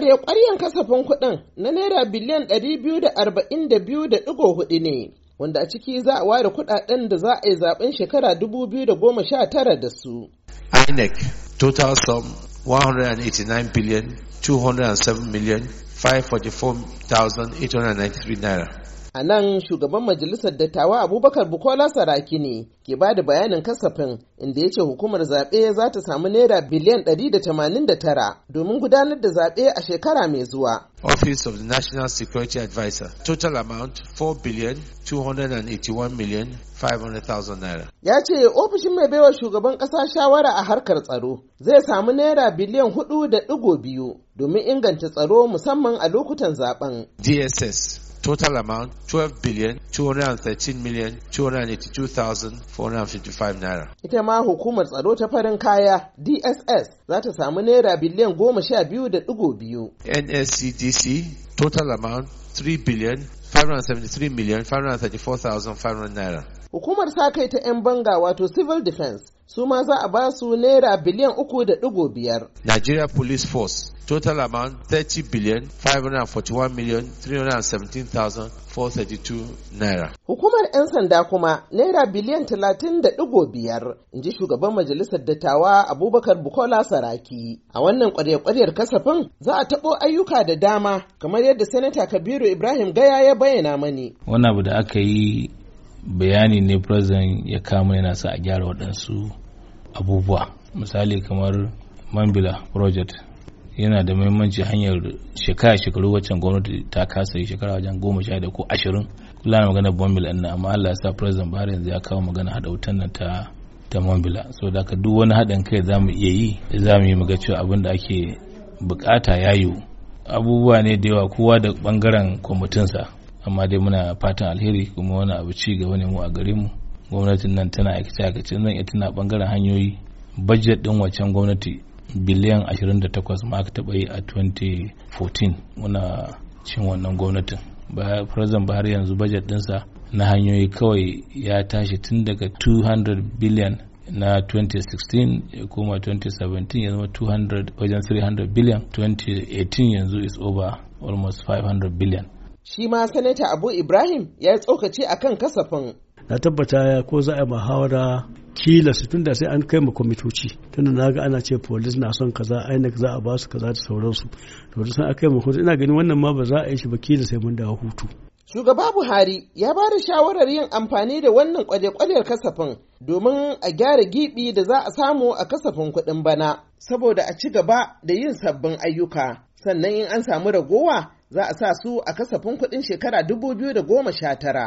ƙwarya kwaryen kasafin kuɗin na Naira biliyan 242.4 ne, wanda a ciki za a ware kuɗaɗen da za a yi zaɓen shekara 2019 da su. INEC total sum 189 billion 207 million 544,893 naira. A nan shugaban majalisar dattawa Abubakar Bukola Saraki ne ke ba da bayanin kasafin inda ya ce hukumar zaɓe za ta samu naira biliyan 189 domin gudanar da zaɓe a shekara mai zuwa. Office of the National Security Advisor total amount 4 billion 281 million 500,000 naira. Ya ce ofishin mai baiwa shugaban ƙasa shawara a harkar tsaro zai samu naira biliyan hudu da biyu domin inganta tsaro musamman a lokutan zaɓen. DSS total amount 12 billion 213 million 282,455 naira. Ita ma hukumar tsaro ta farin kaya DSS za ta samu naira biliyan goma sha biyu da ɗigo biyu. NSCDC total amount 3 billion 573 million 534,500 naira. Hukumar sa kai ta 'yan banga wato civil defense su ma za a ba su naira biliyan uku da ɗigo biyar. Nigeria Police Force total amount thirty billion one million two naira. Hukumar 'yan sanda kuma naira biliyan talatin da ɗigo biyar in ji shugaban majalisar dattawa Abubakar Bukola Saraki. A wannan ƙwarya-ƙwaryar kasafin za a taɓo ayyuka da dama kamar yadda Sanata Kabiru Ibrahim Gaya ya bayyana mani. Wani abu da aka yi bayani ne president ya kama yana sa a gyara waɗansu abubuwa misali kamar mambila project yana da mahimmanci hanyar shekara shekaru waccan gwamnati ta kasa yi shekara wajen goma sha da ko ashirin kula na magana bambila ɗin amma Allah ya sa president Buhari yanzu ya kawo magana haɗa wutan nan ta ta mambila so da ka duk wani haɗin kai za mu iya yi za mu yi mu ga cewa abin da ake bukata ya yiwu abubuwa ne da yawa kowa da bangaren kwamitinsa amma dai muna fatan alheri kuma wani abu ci gaba ne mu a gare mu gwamnatin nan tana aikace aikace nan ita na bangaren hanyoyi budget din waccan gwamnati biliyan 28 ma aka taɓa yi a 2014 muna cin wannan gwamnatin ba president buhari yanzu budget dinsa na hanyoyi kawai ya tashi tun daga 200 biliyan na 2016 ya koma 2017 ya zama 200 wajen 300 biliyan 2018 yanzu is over almost 500 biliyan shi ma sanata abu ibrahim ya tsokace akan kasafin na tabbata ya ko za a yi muhawara kila su tunda sai an kai ma kwamitoci tunda na ga ana ce polis na son kaza inec za a ba su kaza da sauransu to sun kai yi hutu ina ganin wannan ma ba za a yi shi ba kila sai mun dawo hutu shugaba buhari ya ba da shawarar yin amfani da wannan kwale-kwalen kasafin domin a gyara gibi da za a samu a kasafin kuɗin bana saboda a ci gaba da yin sabbin ayyuka sannan in an samu ragowa za a sa su a kasafin kuɗin shekara dubu biyu da goma sha tara.